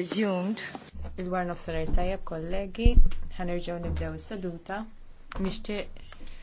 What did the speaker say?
Resumed. Il-warna f-sanar tajab, kollegi, ħanerġaw nibdew is-seduta. Nixtieq